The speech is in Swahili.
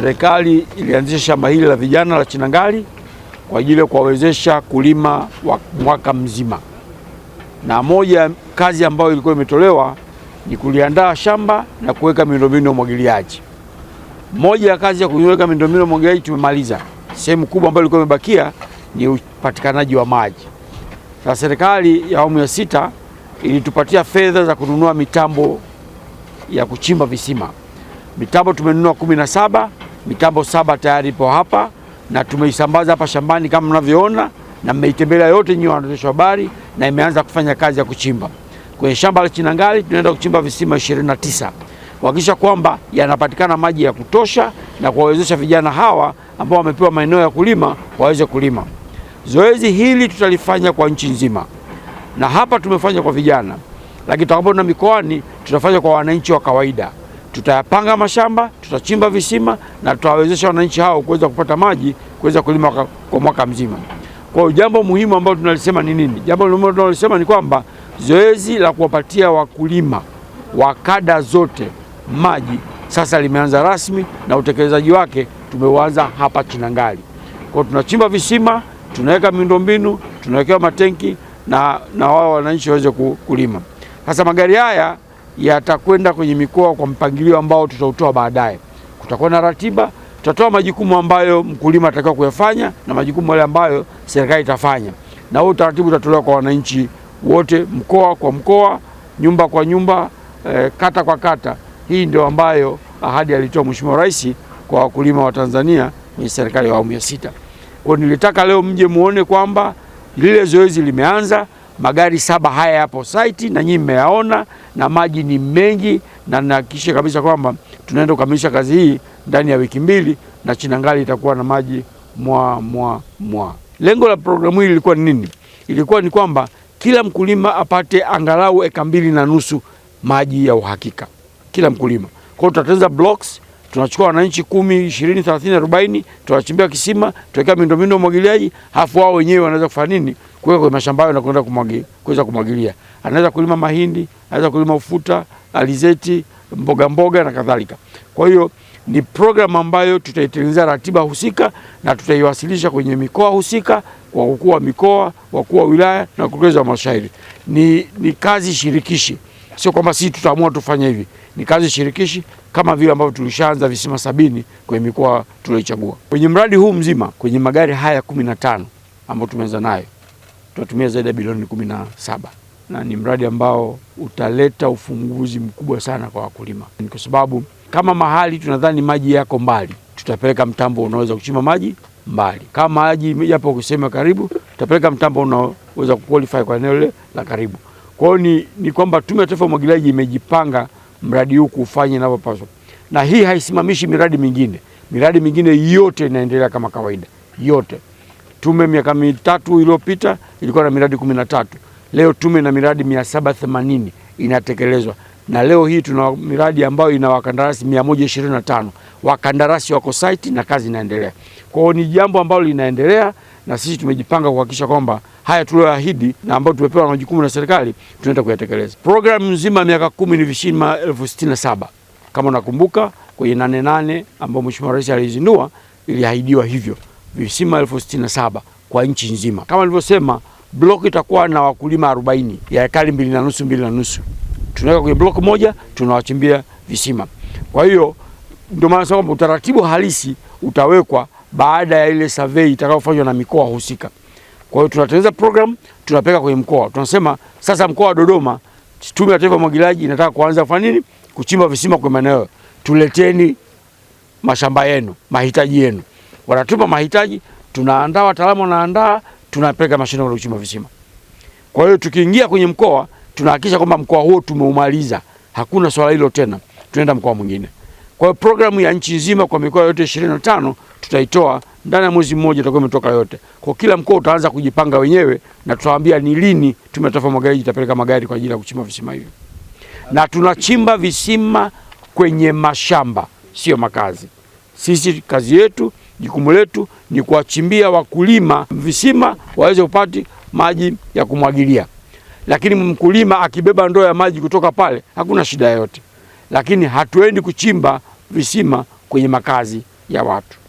serikali ilianzisha shamba hili la vijana la Chinangali kwa ajili ya kuwawezesha kulima wa mwaka mzima, na moja kazi ambayo ilikuwa imetolewa ni kuliandaa shamba na kuweka miundombinu ya umwagiliaji. Moja ya kazi ya kuweka miundombinu ya umwagiliaji tumemaliza. Sehemu kubwa ambayo ilikuwa imebakia ni upatikanaji wa maji. Na serikali ya awamu ya sita ilitupatia fedha za kununua mitambo ya kuchimba visima. Mitambo tumenunua kumi na saba mitambo saba tayari ipo hapa na tumeisambaza hapa shambani kama mnavyoona, na mmeitembelea yote nyinyi waandishi wa habari, na imeanza kufanya kazi ya kuchimba kwenye shamba la Chinangali. Tunaenda kuchimba visima 29 kuhakikisha kwamba yanapatikana maji ya kutosha na kuwawezesha vijana hawa ambao wamepewa maeneo ya kulima waweze kulima. Zoezi hili tutalifanya kwa nchi nzima, na hapa tumefanya kwa vijana, lakini tutakapoenda mikoani tutafanya kwa wananchi wa kawaida tutayapanga mashamba, tutachimba visima na tutawawezesha wananchi hao kuweza kupata maji kuweza kulima kwa mwaka mzima. Kwa hiyo jambo muhimu ambalo tunalisema ni nini? Jambo tunalisema ni kwamba zoezi la kuwapatia wakulima wa kada zote maji sasa limeanza rasmi na utekelezaji wake tumeuanza hapa Chinangali. Kwa hiyo tunachimba visima, tunaweka miundombinu, tunawekewa matenki na, na wao wananchi waweze kulima. Sasa magari haya yatakwenda kwenye mikoa kwa mpangilio ambao tutautoa baadaye. Kutakuwa na ratiba, tutatoa majukumu ambayo mkulima atakiwa kuyafanya na majukumu yale ambayo serikali itafanya, na huo utaratibu utatolewa kwa wananchi wote, mkoa kwa mkoa, nyumba kwa nyumba, eh, kata kwa kata. Hii ndio ambayo ahadi alitoa Mheshimiwa Rais kwa wakulima wa Tanzania kwenye serikali ya awamu ya sita. Kwa nilitaka leo mje muone kwamba lile zoezi limeanza. Magari saba haya yapo site na nyinyi mmeyaona, na maji ni mengi, na nahakikisha kabisa kwamba tunaenda kukamilisha kazi hii ndani ya wiki mbili na Chinangali itakuwa na maji mwa mwa mwa. Lengo la programu hii lilikuwa ni nini? Ilikuwa ni kwamba kila mkulima apate angalau eka mbili na nusu maji ya uhakika, kila mkulima. Kwa hiyo tutatengeneza blocks tunachukua wananchi kumi, ishirini, thelathini, arobaini, tunachimbia kisima, tuwekea miundombinu ya umwagiliaji, halafu wao wenyewe wanaweza kufanya nini, kuweka kwenye mashamba yao na kwenda kumwagilia, kuweza kumwagilia. Anaweza kulima mahindi, anaweza kulima ufuta, alizeti, mboga mboga na kadhalika. Kwa hiyo ni programu ambayo tutaitengeneza ratiba husika na tutaiwasilisha kwenye mikoa husika kwa wakuu wa mikoa, wakuu wa wilaya na wakurugenzi wa halmashauri. Ni, ni kazi shirikishi. Sio kwamba sisi tutaamua tufanye hivi, ni kazi shirikishi kama vile ambavyo tulishaanza visima sabini kwenye mikoa tulioichagua. Kwenye mradi huu mzima, kwenye magari haya kumi na tano ambayo tumeanza nayo, tutatumia zaidi ya bilioni kumi na saba na ni mradi ambao utaleta ufunguzi mkubwa sana kwa wakulima, kwa sababu kama mahali tunadhani maji yako mbali, tutapeleka mtambo unaweza kuchimba maji mbali. Kama maji yapo kusema karibu, tutapeleka mtambo unaoweza kuqualify kwa eneo lile la karibu. Kwa hiyo ni, ni kwamba Tume ya Taifa ya Umwagiliaji imejipanga mradi huu kufanya inavyopaswa, na hii haisimamishi miradi mingine. Miradi mingine yote inaendelea kama kawaida yote. Tume miaka mitatu iliyopita ilikuwa na miradi kumi na tatu. Leo tume na miradi mia saba themanini inatekelezwa na leo hii tuna miradi ambayo ina wakandarasi 125 wakandarasi wako site na kazi inaendelea. Kwa hiyo ni jambo ambalo linaendelea, na sisi tumejipanga kuhakikisha kwamba haya tulioahidi na ambayo tumepewa na majukumu na serikali tunaenda kuyatekeleza. Programu nzima ya miaka kumi ni visima elfu sitini na saba kama unakumbuka kwenye nane nane ambayo Mheshimiwa Rais alizindua iliahidiwa hivyo visima elfu sitini na saba kwa nchi nzima. Kama nilivyosema, block itakuwa na wakulima 40 ya ekari mbili na nusu mbili na nusu tunaweka kwenye block moja, tunawachimbia visima. Kwa hiyo ndio maana sasa kwamba utaratibu halisi utawekwa baada ya ile survey itakayofanywa na mikoa husika. Kwa hiyo tunatengeneza program tunapeleka kwenye mkoa, tunasema sasa mkoa wa Dodoma, Tume ya Taifa ya Umwagiliaji inataka kuanza kufanya nini? Kuchimba visima kwa maeneo, tuleteni mashamba yenu, mahitaji yenu. wanatupa mahitaji, tunaandaa wataalamu, wanaandaa, tunapeleka mashine kwa kuchimba visima. Kwa hiyo tukiingia kwenye mkoa tunahakikisha kwamba mkoa huo tumeumaliza, hakuna swala hilo tena, tunaenda mkoa mwingine. Kwa hiyo programu ya nchi nzima kwa mikoa yote 25 tutaitoa ndani ya mwezi mmoja itakuwa imetoka yote. Kwa kila mkoa utaanza kujipanga wenyewe, na tutawaambia ni lini Tume Magari itapeleka magari kwa ajili ya kuchimba visima hivyo, na tunachimba visima kwenye mashamba, sio makazi. Sisi kazi yetu, jukumu letu ni kuwachimbia wakulima visima waweze kupati maji ya kumwagilia, lakini mkulima akibeba ndoo ya maji kutoka pale hakuna shida yoyote, lakini hatuendi kuchimba visima kwenye makazi ya watu.